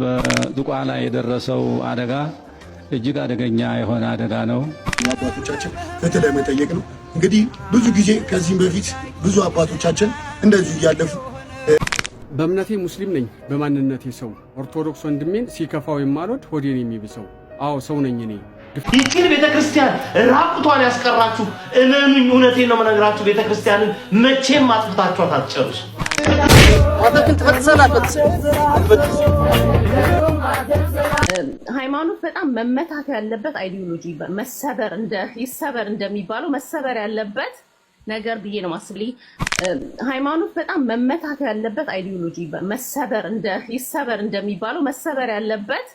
በዝቋላ የደረሰው አደጋ እጅግ አደገኛ የሆነ አደጋ ነው። አባቶቻችን ፍትህ ለመጠየቅ ነው። እንግዲህ ብዙ ጊዜ ከዚህም በፊት ብዙ አባቶቻችን እንደዚሁ እያለፉ በእምነቴ ሙስሊም ነኝ፣ በማንነቴ ሰው ኦርቶዶክስ ወንድሜን ሲከፋው የማልወድ ሆዴን የሚብሰው አዎ ሰው ነኝ እኔ። ይቺን ቤተክርስቲያን ራቁቷን ያስቀራችሁ እመኑኝ፣ እውነቴን ነው የምነግራችሁ። ቤተክርስቲያንን መቼም አጥፍታችኋት አትጨርሱ። ሃይማኖት በጣም መመታት ያለበት አይዲዮሎጂ መሰበር እንደ ይሰበር እንደሚባለው መሰበር ያለበት ነገር ብዬ ነው ማስብልኝ። ሃይማኖት በጣም መመታት ያለበት አይዲዮሎጂ መሰበር እንደ ይሰበር እንደሚባለው መሰበር ያለበት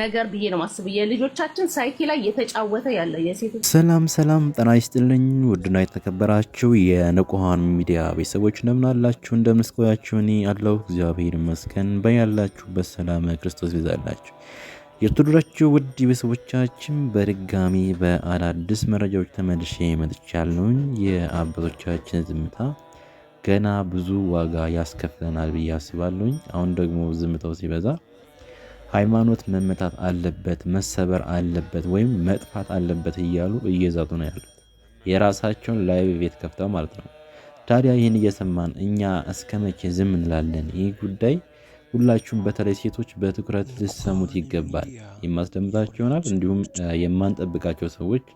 ነገር ብዬ ነው ማስብ የልጆቻችን ሳይኪ ላይ እየተጫወተ ያለ የሴቶች። ሰላም ሰላም፣ ጤና ይስጥልኝ ውድና የተከበራችሁ የንቁሃን ሚዲያ ቤተሰቦች እንደምን አላችሁ? እንደምን ስቆያችሁ? እኔ አለሁ እግዚአብሔር ይመስገን። በያላችሁበት ሰላም ክርስቶስ ይብዛላችሁ። የተወደዳችሁ ውድ ቤተሰቦቻችን በድጋሚ በአዳዲስ መረጃዎች ተመልሼ መጥቻለሁኝ። የአባቶቻችን ዝምታ ገና ብዙ ዋጋ ያስከፍለናል ብዬ አስባለሁኝ። አሁን ደግሞ ዝምታው ሲበዛ ሃይማኖት መመታት አለበት፣ መሰበር አለበት ወይም መጥፋት አለበት እያሉ እየዛቱ ነው ያሉት። የራሳቸውን ላይቭ ቤት ከፍተው ማለት ነው። ታዲያ ይህን እየሰማን እኛ እስከ መቼ ዝም እንላለን? ይህ ጉዳይ ሁላችሁም በተለይ ሴቶች በትኩረት ልሰሙት ይገባል። የማስደምጣቸው ይሆናል። እንዲሁም የማንጠብቃቸው ሰዎች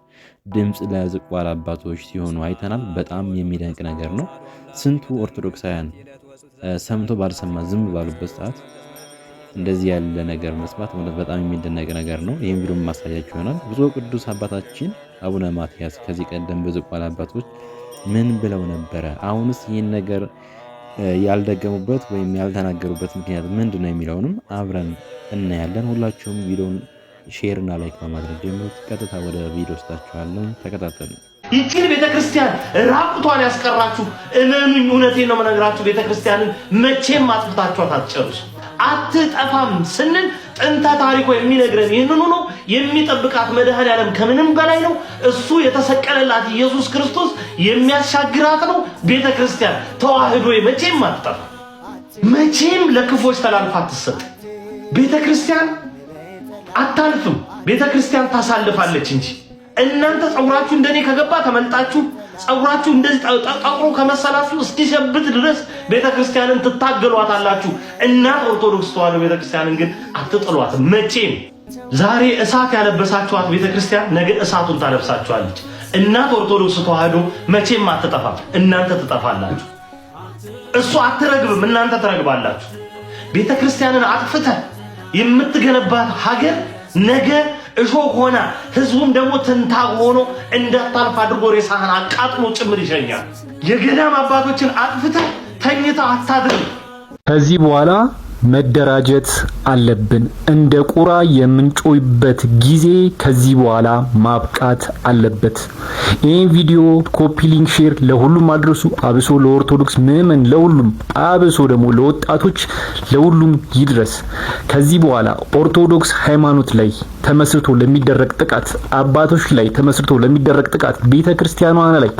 ድምፅ ለዝቋል አባቶች ሲሆኑ አይተናል። በጣም የሚደንቅ ነገር ነው። ስንቱ ኦርቶዶክሳውያን ሰምቶ ባልሰማ ዝም ባሉበት ሰዓት እንደዚህ ያለ ነገር መስማት ማለት በጣም የሚደነቅ ነገር ነው። ይህም ቪዲዮ ማሳያቸው ይሆናል። ብፁዕ ቅዱስ አባታችን አቡነ ማትያስ ከዚህ ቀደም በዝቋላ አባቶች ምን ብለው ነበረ? አሁንስ ይህን ነገር ያልደገሙበት ወይም ያልተናገሩበት ምክንያት ምንድን ነው የሚለውንም አብረን እናያለን። ሁላችሁም ቪዲዮን ሼርና ላይክ በማድረግ ጀምሩት። ቀጥታ ወደ ቪዲዮ ስታችኋለን። ተከታተሉ። ይችን ቤተክርስቲያን ራቁቷን ያስቀራችሁ እመኑኝ፣ እውነቴን ነው የምነግራችሁ። ቤተክርስቲያንን መቼም አጥፍታችኋት አትጨርሱ። አትጠፋም ስንል ጥንተ ታሪኮ የሚነግረን ይህንኑ ነው። የሚጠብቃት መድኃኔ ዓለም ከምንም በላይ ነው። እሱ የተሰቀለላት ኢየሱስ ክርስቶስ የሚያሻግራት ነው። ቤተ ክርስቲያን ተዋህዶ መቼም አትጠፋ፣ መቼም ለክፎች ተላልፋ አትሰጥ። ቤተ ክርስቲያን አታልፍም። ቤተ ክርስቲያን ታሳልፋለች እንጂ እናንተ ጸጉራችሁ እንደኔ ከገባ ተመልጣችሁ ጸጉራችሁ እንደዚህ ጠቁሮ ከመሰላችሁ እስኪሸብት ድረስ ቤተክርስቲያንን ትታገሏታላችሁ። እናት ኦርቶዶክስ ተዋሕዶ ቤተክርስቲያንን ግን አትጥሏት መቼም። ዛሬ እሳት ያለበሳችኋት ቤተክርስቲያን ነገ እሳቱን ታለብሳችኋለች። እናት ኦርቶዶክስ ተዋሕዶ መቼም አትጠፋም፣ እናንተ ትጠፋላችሁ። እሱ አትረግብም፣ እናንተ ትረግባላችሁ። ቤተክርስቲያንን አጥፍተህ የምትገነባት ሀገር ነገ እሾህ ሆነ ህዝቡም ደግሞ ትንታግ ሆኖ እንዳታልፍ አድርጎ ሬሳህን አቃጥሎ ጭምር ይሸኛል። የገዳም አባቶችን አጥፍተህ ተኝተህ አታድርም። ከዚህ በኋላ መደራጀት አለብን። እንደ ቁራ የምንጮይበት ጊዜ ከዚህ በኋላ ማብቃት አለበት። ይህን ቪዲዮ ኮፒ፣ ሊንክ፣ ሼር ለሁሉም አድረሱ፣ አብሶ ለኦርቶዶክስ ምእመን ለሁሉም አብሶ ደግሞ ለወጣቶች ለሁሉም ይድረስ። ከዚህ በኋላ ኦርቶዶክስ ሃይማኖት ላይ ተመስርቶ ለሚደረግ ጥቃት፣ አባቶች ላይ ተመስርቶ ለሚደረግ ጥቃት፣ ቤተ ክርስቲያኗ ላይ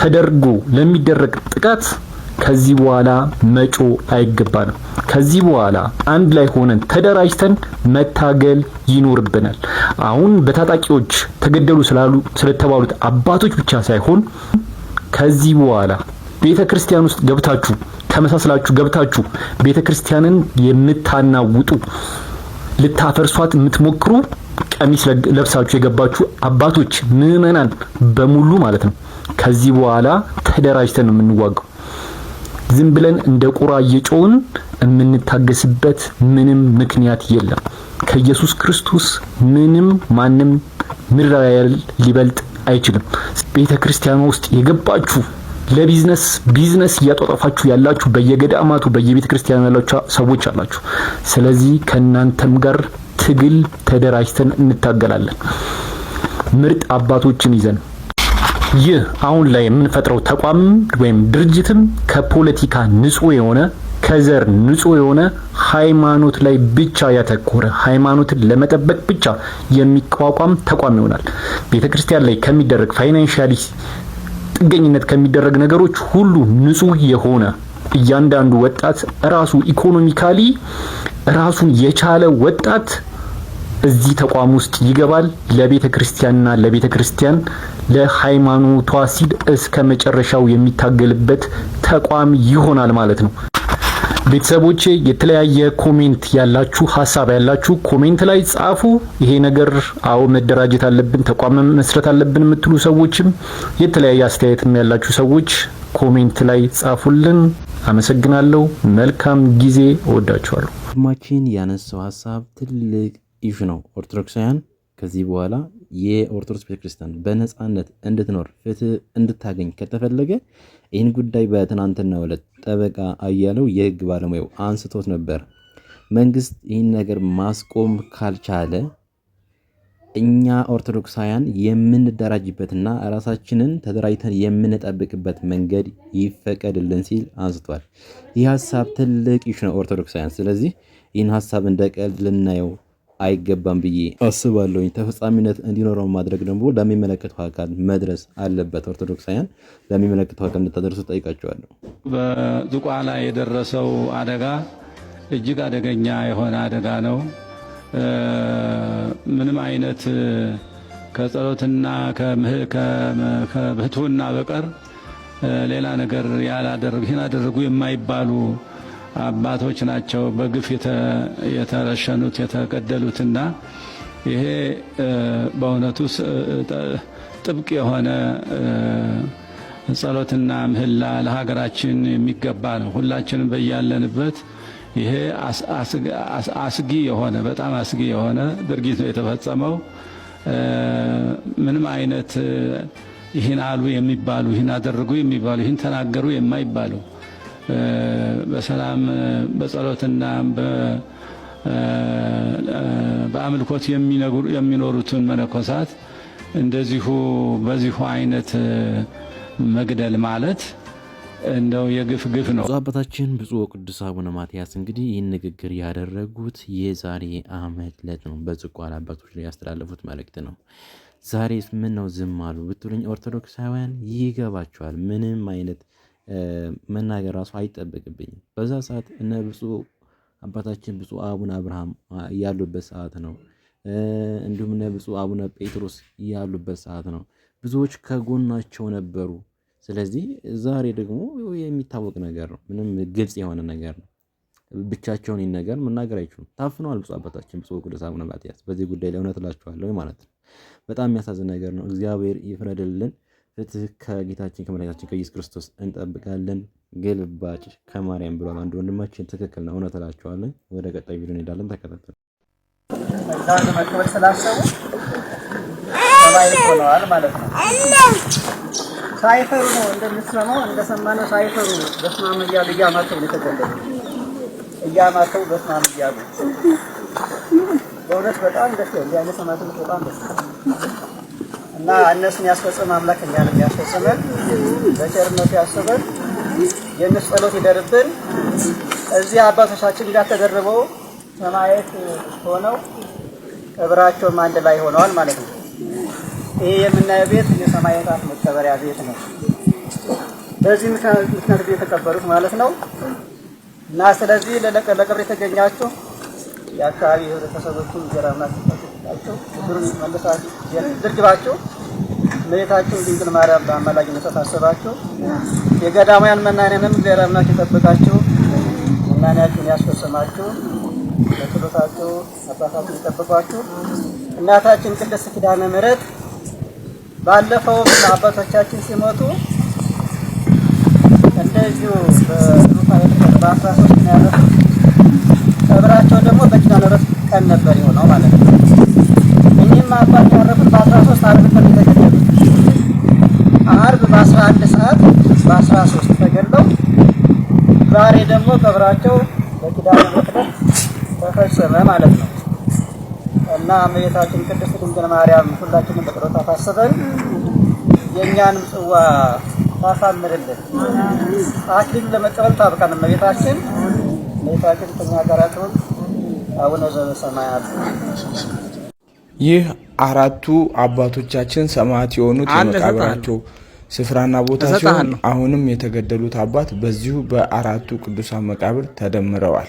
ተደርጎ ለሚደረግ ጥቃት ከዚህ በኋላ መጮ አይገባንም። ከዚህ በኋላ አንድ ላይ ሆነን ተደራጅተን መታገል ይኖርብናል። አሁን በታጣቂዎች ተገደሉ ስላሉ ስለተባሉት አባቶች ብቻ ሳይሆን ከዚህ በኋላ ቤተ ክርስቲያን ውስጥ ገብታችሁ ተመሳስላችሁ ገብታችሁ ቤተ ክርስቲያንን የምታናውጡ ልታፈርሷት የምትሞክሩ ቀሚስ ለብሳችሁ የገባችሁ አባቶች ምዕመናን በሙሉ ማለት ነው። ከዚህ በኋላ ተደራጅተን ነው የምንዋጋው። ዝም ብለን እንደ ቁራ እየጮውን የምንታገስበት ምንም ምክንያት የለም። ከኢየሱስ ክርስቶስ ምንም ማንም ምድራዊ ሊበልጥ አይችልም። ቤተ ክርስቲያን ውስጥ የገባችሁ ለቢዝነስ ቢዝነስ እያጧጧፋችሁ ያላችሁ በየገዳማቱ በየቤተ ክርስቲያን ያላችሁ ሰዎች አላችሁ። ስለዚህ ከእናንተም ጋር ትግል ተደራጅተን እንታገላለን ምርጥ አባቶችን ይዘን ይህ አሁን ላይ የምንፈጥረው ተቋም ወይም ድርጅትም ከፖለቲካ ንጹህ የሆነ ከዘር ንጹህ የሆነ ሃይማኖት ላይ ብቻ ያተኮረ ሃይማኖትን ለመጠበቅ ብቻ የሚቋቋም ተቋም ይሆናል። ቤተ ክርስቲያን ላይ ከሚደረግ ፋይናንሻሊ ጥገኝነት ከሚደረግ ነገሮች ሁሉ ንጹህ የሆነ እያንዳንዱ ወጣት ራሱ ኢኮኖሚካሊ ራሱን የቻለ ወጣት እዚህ ተቋም ውስጥ ይገባል። ለቤተ ክርስቲያንና ለቤተ ክርስቲያን ለሃይማኖቷ ሲል እስከ መጨረሻው የሚታገልበት ተቋም ይሆናል ማለት ነው። ቤተሰቦቼ የተለያየ ኮሜንት ያላችሁ ሀሳብ ያላችሁ ኮሜንት ላይ ጻፉ። ይሄ ነገር አዎ መደራጀት አለብን ተቋም መስረት አለብን የምትሉ ሰዎችም የተለያየ አስተያየትም ያላችሁ ሰዎች ኮሜንት ላይ ጻፉልን። አመሰግናለሁ። መልካም ጊዜ። እወዳችኋለሁ። ማችን ያነሳው ሀሳብ ትልቅ ኢሹ ነው። ኦርቶዶክሳውያን ከዚህ በኋላ የኦርቶዶክስ ቤተክርስቲያን በነፃነት እንድትኖር ፍትህ እንድታገኝ ከተፈለገ ይህን ጉዳይ በትናንትናው ዕለት ጠበቃ አያለው የህግ ባለሙያው አንስቶት ነበር። መንግስት ይህን ነገር ማስቆም ካልቻለ እኛ ኦርቶዶክሳውያን የምንደራጅበትና ራሳችንን ተደራጅተን የምንጠብቅበት መንገድ ይፈቀድልን ሲል አንስቷል። ይህ ሀሳብ ትልቅ ይሽ ነው ኦርቶዶክሳውያን። ስለዚህ ይህን ሀሳብ እንደ ቀልድ ልናየው አይገባም ብዬ አስባለሁኝ። ተፈጻሚነት እንዲኖረው ማድረግ ደግሞ ለሚመለከተው አካል መድረስ አለበት። ኦርቶዶክሳውያን ለሚመለከተው አካል እንድታደርሱ ጠይቃቸዋለሁ። በዝቋላ የደረሰው አደጋ እጅግ አደገኛ የሆነ አደጋ ነው። ምንም አይነት ከጸሎትና ከብህትውና በቀር ሌላ ነገር ያላደረጉ ይህን አደረጉ የማይባሉ አባቶች ናቸው በግፍ የተረሸኑት የተገደሉትና ይሄ በእውነቱ ጥብቅ የሆነ ጸሎትና ምህላ ለሀገራችን የሚገባ ነው። ሁላችንም በያለንበት ይሄ አስጊ የሆነ በጣም አስጊ የሆነ ድርጊት ነው የተፈጸመው። ምንም አይነት ይህን አሉ የሚባሉ ይህን አደረጉ የሚባሉ ይህን ተናገሩ የማይባሉ በሰላም በጸሎትና በአምልኮት የሚኖሩትን መነኮሳት እንደዚሁ በዚሁ አይነት መግደል ማለት እንደው የግፍ ግፍ ነው። ብፁዕ አባታችን ብፁዕ ቅዱስ አቡነ ማትያስ እንግዲህ ይህን ንግግር ያደረጉት የዛሬ ዓመት ዕለት ነው። በዝቋላ አባቶች ላይ ያስተላለፉት መልእክት ነው። ዛሬ ምን ነው ዝም አሉ ብትሉኝ ኦርቶዶክሳውያን ይገባቸዋል። ምንም አይነት መናገር ራሱ አይጠበቅብኝም። በዛ ሰዓት እነ ብፁዕ አባታችን ብፁዕ አቡነ አብርሃም ያሉበት ሰዓት ነው። እንዲሁም እነ ብፁዕ አቡነ ጴጥሮስ ያሉበት ሰዓት ነው። ብዙዎች ከጎናቸው ነበሩ። ስለዚህ ዛሬ ደግሞ የሚታወቅ ነገር ነው። ምንም ግልጽ የሆነ ነገር ነው። ብቻቸውን ይህን ነገር መናገር አይችሉም። ታፍነዋል። ብፁዕ አባታችን ብፁዕ ወቅዱስ አቡነ ማትያስ በዚህ ጉዳይ ላይ እውነት እላችኋለሁ ማለት ነው። በጣም የሚያሳዝን ነገር ነው። እግዚአብሔር ይፍረድልን። ፍትሕ ከጌታችን ከመድኃኒታችን ከኢየሱስ ክርስቶስ እንጠብቃለን። ግልባጭ ከማርያም ብሏል አንድ ወንድማችን። ትክክል ነው፣ እውነት እላቸዋለን። ወደ ቀጣይ ቪዲዮ እንሄዳለን። ተከታተሉ። ሆነዋል ማለት ነው። ሳይፈሩ ነው እንደምትሰማው እንደሰማነው ሳይፈሩ በስመ አብ እያሉ እያማተው የተገለጠ እያማተው በስመ አብ እያሉ በእውነት በጣም ደስ ይላል። ያለ ሰማዕትነት በጣም ደስ ይላል። እና እነሱን ያስፈጽም አምላክ እኛን ያስፈጽመን፣ በቸርነቱ ያስበን፣ የእነሱ ጸሎት ይደርብን። እዚህ አባቶቻችን ጋር ተደርበው ሰማየት ሆነው ቀብራቸውም አንድ ላይ ሆነዋል ማለት ነው። ይሄ የምናየው ቤት የሰማያታት መቀበሪያ ቤት ነው። በዚህ ምክንያት የተቀበሩት ማለት ነው እና ስለዚህ ለቀብር የተገኛችሁ የአካባቢ ህብረተሰቦቹ እንጀራ ናቸው ብሩን መለሳት ድርግባቸው መሬታቸው ድንግል ማርያም በአማላጅነት ታሰባቸው የገዳማውያን መናንያንም እግዚአብሔር አምላክ የጠበቃቸው መናንያቸውን ያስፈጸማቸው ለክሎታቸው አባታቸው የጠበቋቸው እናታችን ቅድስት ኪዳነ ምሕረት ባለፈው አባቶቻችን ሲመጡ እንደዚሁ በአስራ ሶስት ነው ያለፉት ቀብራቸው ደግሞ በኪዳነ ምሕረት ቀን ነበር የሆነው ማለት ነው። እኚህም አባት ያረፉት በአስራ ሶስት ዓርብ ተገደሉ። ዓርብ በአስራ አንድ ሰዓት በአስራ ሶስት ተገድለው ዛሬ ደግሞ ቀብራቸው በኪዳነ ምሕረት ተፈጸመ ማለት ነው እና እመቤታችን ቅድስት ድንግል ማርያም ሁላችንም በጥሮታ ታስበን የእኛንም ጽዋ ታሳምርልን አክሊሉን ለመቀበል ታብቃን እመቤታችን እመቤታችን ከእኛ አቡነ ዘበሰማያት። ይህ አራቱ አባቶቻችን ሰማዕት የሆኑት የመቃብራቸው ስፍራና ቦታ ሲሆን አሁንም የተገደሉት አባት በዚሁ በአራቱ ቅዱሳን መቃብር ተደምረዋል።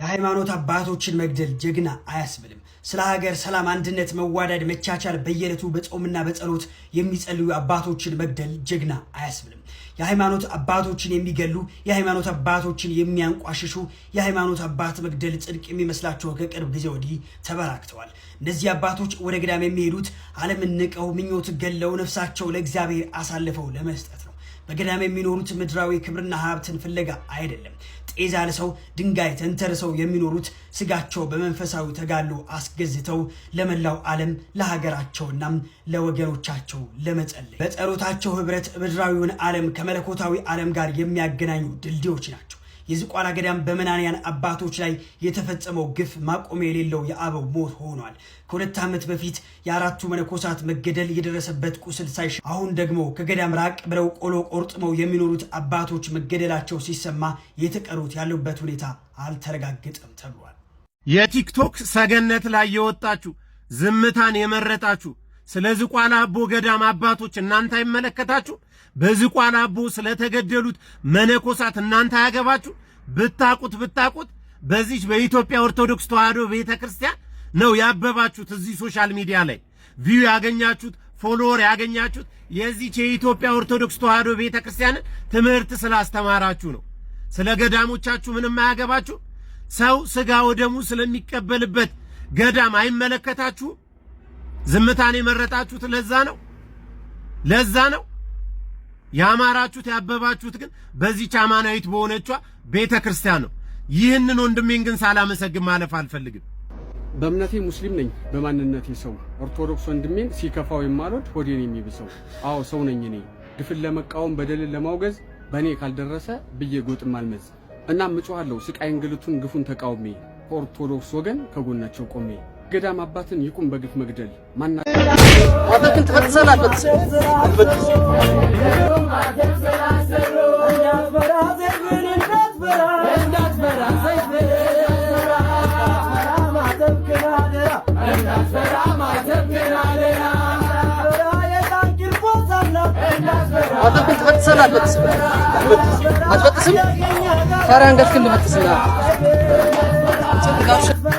የሃይማኖት አባቶችን መግደል ጀግና አያስብልም። ስለ ሀገር ሰላም፣ አንድነት፣ መዋዳድ፣ መቻቻል በየዕለቱ በጾምና በጸሎት የሚጸልዩ አባቶችን መግደል ጀግና አያስብልም። የሃይማኖት አባቶችን የሚገሉ የሃይማኖት አባቶችን የሚያንቋሽሹ የሃይማኖት አባት መግደል ጽድቅ የሚመስላቸው ከቅርብ ጊዜ ወዲህ ተበራክተዋል። እነዚህ አባቶች ወደ ገዳም የሚሄዱት ዓለምን ንቀው ምኞት ገለው ነፍሳቸው ለእግዚአብሔር አሳልፈው ለመስጠት ነው። በገዳም የሚኖሩት ምድራዊ ክብርና ሀብትን ፍለጋ አይደለም። ጤዛ ልሰው ድንጋይ ተንተርሰው የሚኖሩት ስጋቸው በመንፈሳዊ ተጋድሎ አስገዝተው ለመላው ዓለም ለሀገራቸውና ለወገኖቻቸው ለመጸለይ በጸሎታቸው ህብረት ምድራዊውን ዓለም ከመለኮታዊ ዓለም ጋር የሚያገናኙ ድልድዮች ናቸው። የዝቋላ ገዳም በመናንያን አባቶች ላይ የተፈጸመው ግፍ ማቆሚያ የሌለው የአበው ሞት ሆኗል። ከሁለት ዓመት በፊት የአራቱ መነኮሳት መገደል የደረሰበት ቁስል ሳይሽ አሁን ደግሞ ከገዳም ራቅ ብለው ቆሎ ቆርጥመው የሚኖሩት አባቶች መገደላቸው ሲሰማ የተቀሩት ያሉበት ሁኔታ አልተረጋገጠም ተብሏል። የቲክቶክ ሰገነት ላይ የወጣችሁ ዝምታን የመረጣችሁ ስለ ዝቋላ አቦ ገዳም አባቶች እናንተ አይመለከታችሁ? በዝቋላ አቦ ስለተገደሉት መነኮሳት እናንተ አያገባችሁ? ብታቁት ብታቁት በዚህ በኢትዮጵያ ኦርቶዶክስ ተዋህዶ ቤተ ክርስቲያን ነው ያበባችሁት። እዚህ ሶሻል ሚዲያ ላይ ቪው ያገኛችሁት ፎሎወር ያገኛችሁት የዚች የኢትዮጵያ ኦርቶዶክስ ተዋሕዶ ቤተ ክርስቲያንን ትምህርት ስላስተማራችሁ ነው። ስለ ገዳሞቻችሁ ምንም አያገባችሁ። ሰው ስጋ ወደሙ ስለሚቀበልበት ገዳም አይመለከታችሁም። ዝምታን የመረጣችሁት ለዛ ነው፣ ለዛ ነው ያማራችሁት ያበባችሁት። ግን በዚህች አማናዊት በሆነቿ ቤተ ክርስቲያን ነው። ይህንን ወንድሜን ግን ሳላመሰግን ማለፍ አልፈልግም። በእምነቴ ሙስሊም ነኝ፣ በማንነቴ ሰው። ኦርቶዶክስ ወንድሜን ሲከፋው የማልወድ ሆዴን የሚብሰው አዎ ሰው ነኝ እኔ። ግፍን ለመቃወም በደልን ለማውገዝ በእኔ ካልደረሰ ብዬ ጎጥም አልመዝ እና ምጮኋለሁ ስቃይ እንግልቱን ግፉን ተቃውሜ ከኦርቶዶክስ ወገን ከጎናቸው ቆሜ ገዳም አባትን ይቁም በግፍ መግደል ማና አባትን ተፈጸላ አትበጥስም ትበጥሳለህ። አትበጥስም አትበጥስም። ታዲያ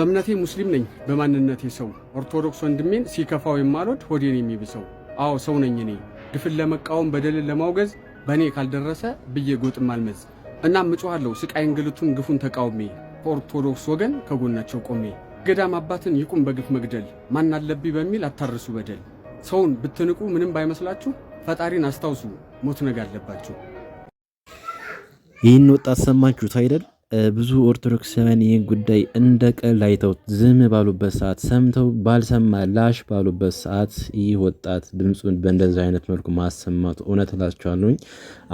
በእምነቴ ሙስሊም ነኝ፣ በማንነቴ ሰው። ኦርቶዶክስ ወንድሜን ሲከፋው የማልወድ ሆዴን የሚብሰው። አዎ ሰው ነኝ እኔ፣ ግፍን ለመቃወም በደልን ለማውገዝ፣ በእኔ ካልደረሰ ብዬ ጎጥም አልመዝ። እናም እጮኋለሁ ስቃይ እንግልቱን ግፉን ተቃውሜ፣ ከኦርቶዶክስ ወገን ከጎናቸው ቆሜ። ገዳም አባትን ይቁም በግፍ መግደል፣ ማን አለብኝ በሚል አታርሱ በደል። ሰውን ብትንቁ ምንም ባይመስላችሁ፣ ፈጣሪን አስታውሱ ሞት ነጋ አለባችሁ። ይህን ወጣት ሰማችሁት አይደል? ብዙ ኦርቶዶክሳውያን ይህን ጉዳይ እንደ ቀል አይተው ዝም ባሉበት ሰዓት ሰምተው ባልሰማ ላሽ ባሉበት ሰዓት ይህ ወጣት ድምፁን በእንደዚህ አይነት መልኩ ማሰማቱ እውነት እላቸዋለሁኝ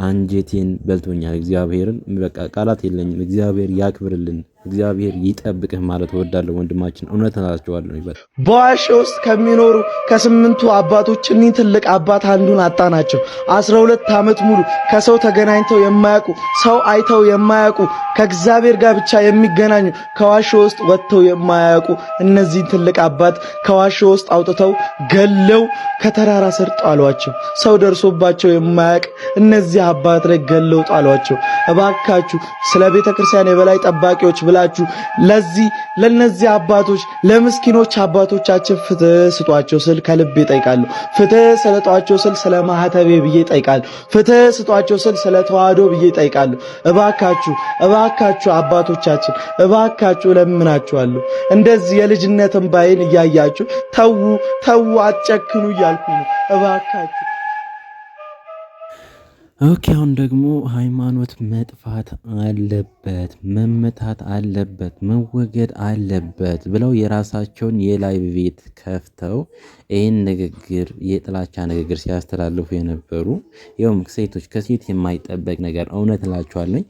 አንጀቴን በልቶኛል። እግዚአብሔርን በቃ ቃላት የለኝም። እግዚአብሔር ያክብርልን። እግዚአብሔር ይጠብቅህ ማለት እወዳለሁ። ወንድማችን እውነት ናቸዋለሁ ይበል። በዋሻ ውስጥ ከሚኖሩ ከስምንቱ አባቶች እኒህ ትልቅ አባት አንዱን ናቸው። አስራ ሁለት ዓመት ሙሉ ከሰው ተገናኝተው የማያውቁ ሰው አይተው የማያውቁ ከእግዚአብሔር ጋር ብቻ የሚገናኙ ከዋሻ ውስጥ ወጥተው የማያውቁ እነዚህ ትልቅ አባት ከዋሻ ውስጥ አውጥተው ገለው ከተራራ ስር ጣሏቸው። ሰው ደርሶባቸው የማያውቅ እነዚህ አባት ላይ ገለው ጣሏቸው። እባካችሁ ስለ ቤተክርስቲያን የበላይ ጠባቂዎች ብላችሁ ለዚህ ለነዚህ አባቶች ለምስኪኖች አባቶቻችን ፍትህ ስጧቸው ስል ከልብ ይጠይቃሉ። ፍትህ ስለጧቸው ስል ስለ ማህተቤ ብዬ ይጠይቃሉ። ፍትህ ስጧቸው ስል ስለ ተዋህዶ ብዬ ይጠይቃሉ። እባካችሁ እባካችሁ አባቶቻችን እባካችሁ ለምናችኋለሁ። እንደዚህ የልጅነት ባይን እያያችሁ ተዉ ተዉ አትጨክኑ እያልኩ ነው። እባካችሁ ኦኬ አሁን ደግሞ ሃይማኖት መጥፋት አለበት መመታት አለበት መወገድ አለበት ብለው የራሳቸውን የላይቭ ቤት ከፍተው ይህን ንግግር የጥላቻ ንግግር ሲያስተላልፉ የነበሩ ያውም ሴቶች ከሴት የማይጠበቅ ነገር እውነት እላችኋለኝ።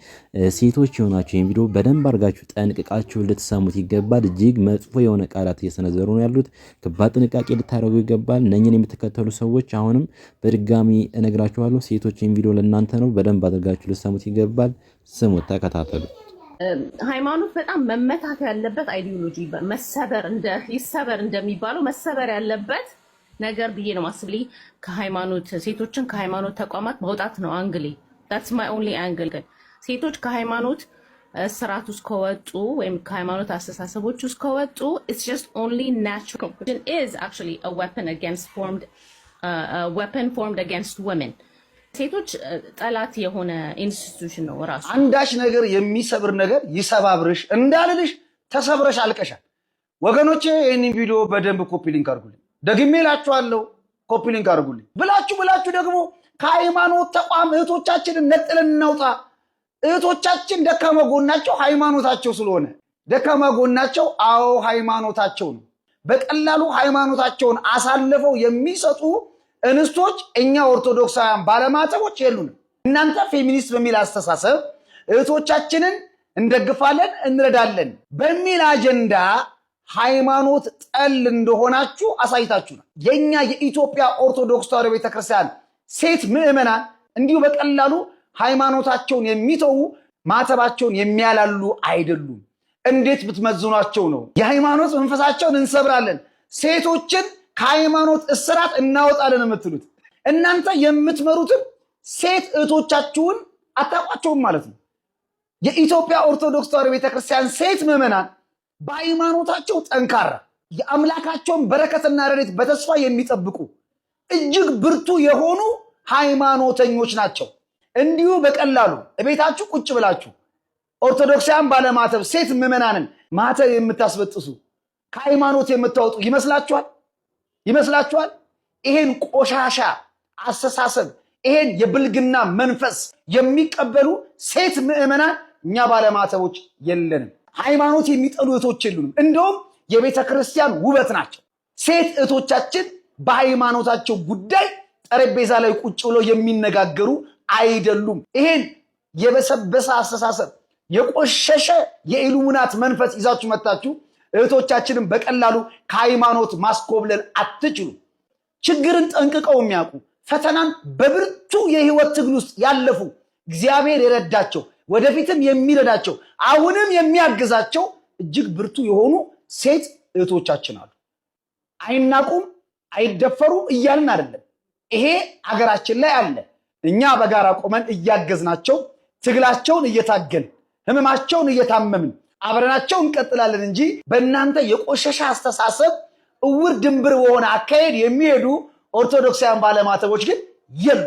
ሴቶች የሆናቸው ይህን ቪዲዮ በደንብ አድርጋችሁ ጠንቅቃችሁ ልትሰሙት ይገባል። እጅግ መጥፎ የሆነ ቃላት እየሰነዘሩ ነው ያሉት። ከባድ ጥንቃቄ ልታደርጉ ይገባል። እነኝን የምትከተሉ ሰዎች አሁንም በድጋሚ እነግራችኋለሁ ሴቶች ይህን ቪዲዮ ለእናንተ ነው። በደንብ አድርጋችሁ ልሰሙት ይገባል። ስሙት፣ ተከታተሉ። ሃይማኖት በጣም መመታት ያለበት አይዲዮሎጂ መሰበር ይሰበር እንደሚባለው መሰበር ያለበት ነገር ብዬ ነው ማስብ። ከሃይማኖት ሴቶችን ከሃይማኖት ተቋማት መውጣት ነው አንግሌ ታትስ ማይ ኦንሊ አንግል። ግን ሴቶች ከሃይማኖት ስርዓት ውስጥ ከወጡ ወይም ከሃይማኖት አስተሳሰቦች ውስጥ ከወጡ ኢትስ ጀስት ኦንሊ ናቹራል ኢዝ አክቹዋሊ አ ፎርምድ አገንስት ወመን ሴቶች ጠላት የሆነ ኢንስቲቱሽን ነው ራሱ። አንዳች ነገር የሚሰብር ነገር ይሰባብርሽ እንዳልልሽ ተሰብረሽ አልቀሻል። ወገኖቼ ይህን ቪዲዮ በደንብ ኮፒ ሊንክ አድርጉልኝ፣ ደግሜ እላችኋለሁ፣ ኮፒ ሊንክ አድርጉልኝ ብላችሁ ብላችሁ ደግሞ ከሃይማኖት ተቋም እህቶቻችንን ነጥለን እናውጣ። እህቶቻችን ደካማ ጎናቸው ሃይማኖታቸው ስለሆነ ደካማ ጎናቸው፣ አዎ ሃይማኖታቸው ነው። በቀላሉ ሃይማኖታቸውን አሳልፈው የሚሰጡ እንስቶች እኛ ኦርቶዶክሳውያን ባለማተቦች የሉንም። እናንተ ፌሚኒስት በሚል አስተሳሰብ እህቶቻችንን እንደግፋለን፣ እንረዳለን በሚል አጀንዳ ሃይማኖት ጠል እንደሆናችሁ ነው። የእኛ የኢትዮጵያ ኦርቶዶክስ ተዋሕዶ ቤተክርስቲያን ሴት ምዕመናን እንዲሁ በቀላሉ ሃይማኖታቸውን የሚተዉ ማተባቸውን የሚያላሉ አይደሉም። እንዴት ብትመዝኗቸው ነው? የሃይማኖት መንፈሳቸውን እንሰብራለን ሴቶችን ከሃይማኖት እስራት እናወጣለን የምትሉት እናንተ የምትመሩትን ሴት እህቶቻችሁን አታውቋቸውም ማለት ነው። የኢትዮጵያ ኦርቶዶክስ ተዋሕዶ ቤተክርስቲያን ሴት ምዕመናን በሃይማኖታቸው ጠንካራ የአምላካቸውን በረከትና ረድኤት በተስፋ የሚጠብቁ እጅግ ብርቱ የሆኑ ሃይማኖተኞች ናቸው። እንዲሁ በቀላሉ እቤታችሁ ቁጭ ብላችሁ ኦርቶዶክሳውያን ባለማተብ ሴት ምዕመናንን ማተብ የምታስበጥሱ ከሃይማኖት የምታወጡ ይመስላችኋል? ይመስላችኋል? ይሄን ቆሻሻ አስተሳሰብ ይሄን የብልግና መንፈስ የሚቀበሉ ሴት ምዕመናን እኛ ባለማተቦች የለንም። ሃይማኖት የሚጠሉ እህቶች የሉንም። እንደውም የቤተ ክርስቲያን ውበት ናቸው። ሴት እህቶቻችን በሃይማኖታቸው ጉዳይ ጠረጴዛ ላይ ቁጭ ብለው የሚነጋገሩ አይደሉም። ይሄን የበሰበሰ አስተሳሰብ የቆሸሸ የኢሉሚናት መንፈስ ይዛችሁ መጣችሁ እህቶቻችንን በቀላሉ ከሃይማኖት ማስኮብለል አትችሉ። ችግርን ጠንቅቀው የሚያውቁ ፈተናን በብርቱ የህይወት ትግል ውስጥ ያለፉ እግዚአብሔር የረዳቸው ወደፊትም የሚረዳቸው አሁንም የሚያግዛቸው እጅግ ብርቱ የሆኑ ሴት እህቶቻችን አሉ። አይናቁም፣ አይደፈሩ እያልን አይደለም። ይሄ አገራችን ላይ አለ። እኛ በጋራ ቆመን እያገዝናቸው፣ ትግላቸውን እየታገልን፣ ህመማቸውን እየታመምን አብረናቸው እንቀጥላለን እንጂ በእናንተ የቆሸሸ አስተሳሰብ እውር ድንብር በሆነ አካሄድ የሚሄዱ ኦርቶዶክሳውያን ባለማተቦች ግን የሉ።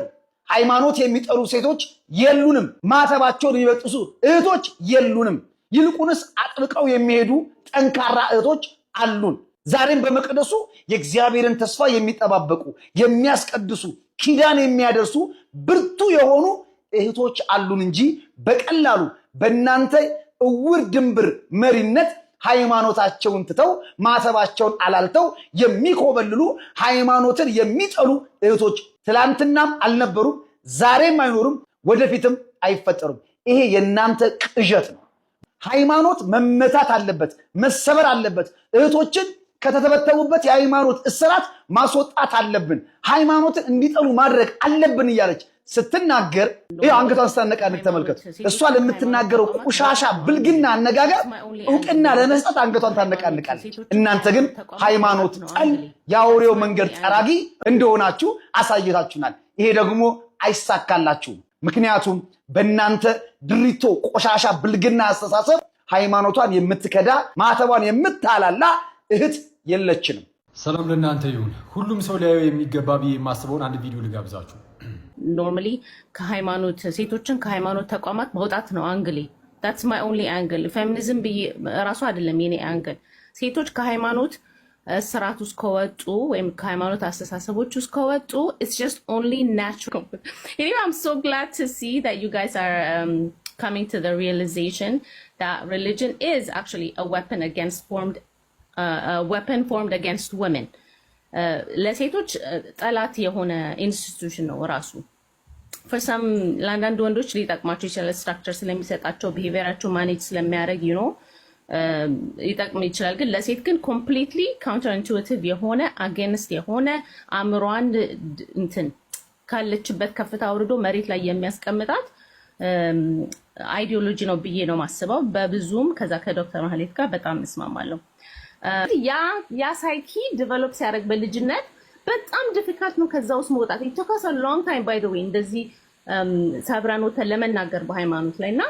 ሃይማኖት የሚጠሉ ሴቶች የሉንም። ማተባቸውን የሚበጥሱ እህቶች የሉንም። ይልቁንስ አጥብቀው የሚሄዱ ጠንካራ እህቶች አሉን። ዛሬም በመቅደሱ የእግዚአብሔርን ተስፋ የሚጠባበቁ የሚያስቀድሱ፣ ኪዳን የሚያደርሱ ብርቱ የሆኑ እህቶች አሉን እንጂ በቀላሉ በእናንተ እውር ድንብር መሪነት ሃይማኖታቸውን ትተው ማተባቸውን አላልተው የሚኮበልሉ ሃይማኖትን የሚጠሉ እህቶች ትላንትናም አልነበሩም፣ ዛሬም አይኖሩም፣ ወደፊትም አይፈጠሩም። ይሄ የእናንተ ቅዠት ነው። ሃይማኖት መመታት አለበት፣ መሰበር አለበት። እህቶችን ከተተበተቡበት የሃይማኖት እስራት ማስወጣት አለብን። ሃይማኖትን እንዲጠሉ ማድረግ አለብን እያለች ስትናገር አንገቷን ስታነቃንቅ ተመልከቱ። እሷ ለምትናገረው ቁሻሻ ብልግና አነጋገር እውቅና ለመስጠት አንገቷን ታነቃንቃለች። እናንተ ግን ሃይማኖት ጠል የአውሬው መንገድ ጠራጊ እንደሆናችሁ አሳይታችሁናል። ይሄ ደግሞ አይሳካላችሁም። ምክንያቱም በእናንተ ድሪቶ ቆሻሻ ብልግና አስተሳሰብ ሃይማኖቷን የምትከዳ ማተቧን የምታላላ እህት የለችንም። ሰላም ለእናንተ ይሁን። ሁሉም ሰው ሊያየው የሚገባ ብዬ የማስበውን አንድ ቪዲዮ ልጋብዛችሁ። ኖርማሊ ከሃይማኖት ሴቶችን ከሃይማኖት ተቋማት መውጣት ነው አንግሌ። ዳትስ ማይ ኦንሊ አንግል። ፌሚኒዝም ብዬ ራሱ አይደለም የኔ አንግል። ሴቶች ከሃይማኖት ስርዓት ውስጥ ከወጡ ወይም ከሃይማኖት አስተሳሰቦች ውስጥ ከወጡ ኢትስ ጀስት ኦንሊ ናቹራል። ኤኒዌይ አም ሶ ግላድ ቱ ሲ ዳት ዩ ጋይስ አር coming to the realization that religion is actually a weapon against formed uh, a weapon formed against women. ለሴቶች ጠላት የሆነ ኢንስቲቱሽን ነው ራሱ። ፈርሳም ለአንዳንድ ወንዶች ሊጠቅማቸው ይችላል። ስትራክቸር ስለሚሰጣቸው ቢሄቪራቸው ማኔጅ ስለሚያደርግ ይኖ ሊጠቅም ይችላል። ግን ለሴት ግን ኮምፕሊትሊ ካውንተር ኢንቱዊቲቭ የሆነ አጌንስት የሆነ አእምሯን እንትን ካለችበት ከፍታ አውርዶ መሬት ላይ የሚያስቀምጣት አይዲዮሎጂ ነው ብዬ ነው ማስበው። በብዙም ከዛ ከዶክተር ማህሌት ጋር በጣም እስማማለሁ። ያ ያ ሳይኪ ዲቨሎፕ ሲያደርግ በልጅነት በጣም ዲፊካልት ነው ከዛ ውስጥ መውጣት። ኢቶካስ ሎንግ ታይም ባይ ዘ ዌይ እንደዚህ ሰብረኖተን ለመናገር በሃይማኖት ላይ እና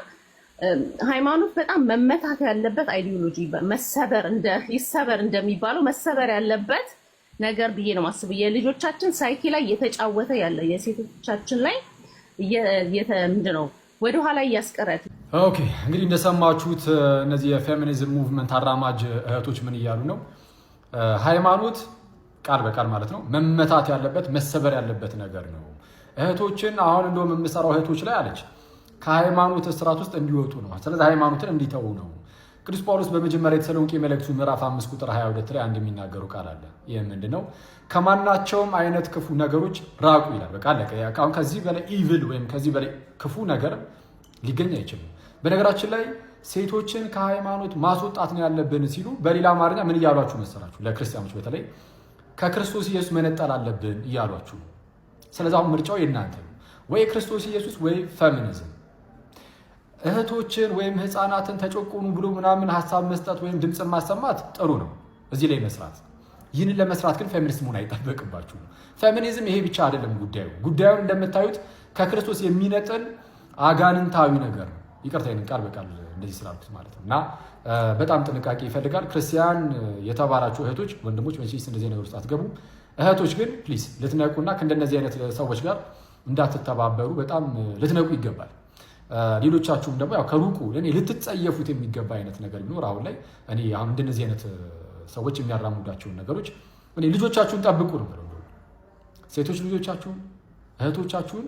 ሃይማኖት በጣም መመታት ያለበት አይዲዮሎጂ መሰበር ይሰበር እንደሚባለው መሰበር ያለበት ነገር ብዬ ነው ማስብ። የልጆቻችን ሳይኪ ላይ እየተጫወተ ያለ የሴቶቻችን ላይ ምንድን ነው ወደ ኋላ እያስቀረት ኦኬ። እንግዲህ እንደሰማችሁት እነዚህ የፌሚኒዝም ሙቭመንት አራማጅ እህቶች ምን እያሉ ነው? ሃይማኖት ቃል በቃል ማለት ነው መመታት ያለበት መሰበር ያለበት ነገር ነው። እህቶችን አሁን እንደውም የምሰራው እህቶች ላይ አለች ከሃይማኖት እስራት ውስጥ እንዲወጡ ነው። ስለዚህ ሃይማኖትን እንዲተዉ ነው። ቅዱስ ጳውሎስ በመጀመሪያ የተሰሎንቄ መልእክቱ ምዕራፍ 5 ቁጥር 22 ላይ አንድ የሚናገሩ ቃል አለ። ይህ ምንድን ነው? ከማናቸውም አይነት ክፉ ነገሮች ራቁ ይላል። በቃ አለቀ። ከዚህ በላይ ኢቪል ወይም ከዚህ በላይ ክፉ ነገር ሊገኝ አይችልም። በነገራችን ላይ ሴቶችን ከሃይማኖት ማስወጣት ነው ያለብን ሲሉ በሌላ አማርኛ ምን እያሏችሁ መሰላችሁ? ለክርስቲያኖች በተለይ ከክርስቶስ ኢየሱስ መነጠል አለብን እያሏችሁ ነው። ምርጫው የእናንተ ነው። ወይ ክርስቶስ ኢየሱስ ወይ ፌሚኒዝም። እህቶችን ወይም ህፃናትን ተጨቁኑ ብሎ ምናምን ሀሳብ መስጠት ወይም ድምፅ ማሰማት ጥሩ ነው። እዚህ ላይ መስራት ይህንን ለመስራት ግን ፌሚኒስት መሆን አይጠበቅባችሁም። ፌሚኒዝም ይሄ ብቻ አይደለም ጉዳዩ። ጉዳዩን እንደምታዩት ከክርስቶስ የሚነጥል አጋንንታዊ ነገር ነው። ይቅርታ ቃል በቃል እንደዚህ ስላልኩት ማለት ነው እና በጣም ጥንቃቄ ይፈልጋል። ክርስቲያን የተባላችሁ እህቶች፣ ወንድሞች መቼስ እንደዚህ ነገር ውስጥ አትገቡም። እህቶች ግን ፕሊስ ልትነቁና ከእንደነዚህ አይነት ሰዎች ጋር እንዳትተባበሩ በጣም ልትነቁ ይገባል። ሌሎቻችሁም ደግሞ ያው ከሩቁ ለእኔ ልትጸየፉት የሚገባ አይነት ነገር ቢኖር አሁን ላይ እኔ አሁን እንደነዚህ አይነት ሰዎች የሚያራሙዳቸውን ነገሮች እኔ ልጆቻችሁን ጠብቁ ነው ብለው ሴቶች ልጆቻችሁን እህቶቻችሁን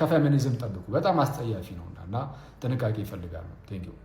ከፌሚኒዝም ጠብቁ። በጣም አስጸያፊ ነውና እና ጥንቃቄ ይፈልጋሉ። ቴንኪው